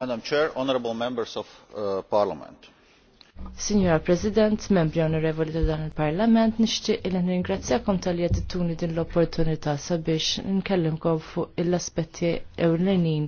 Madam Chair, Members of uh, Parliament. Signora President, membri onorevoli ta' dan il-Parlament, nixtieq il nirringrazzjakom tal-li din l-opportunità sabiex nkellimkom fuq l-aspetti ewlenin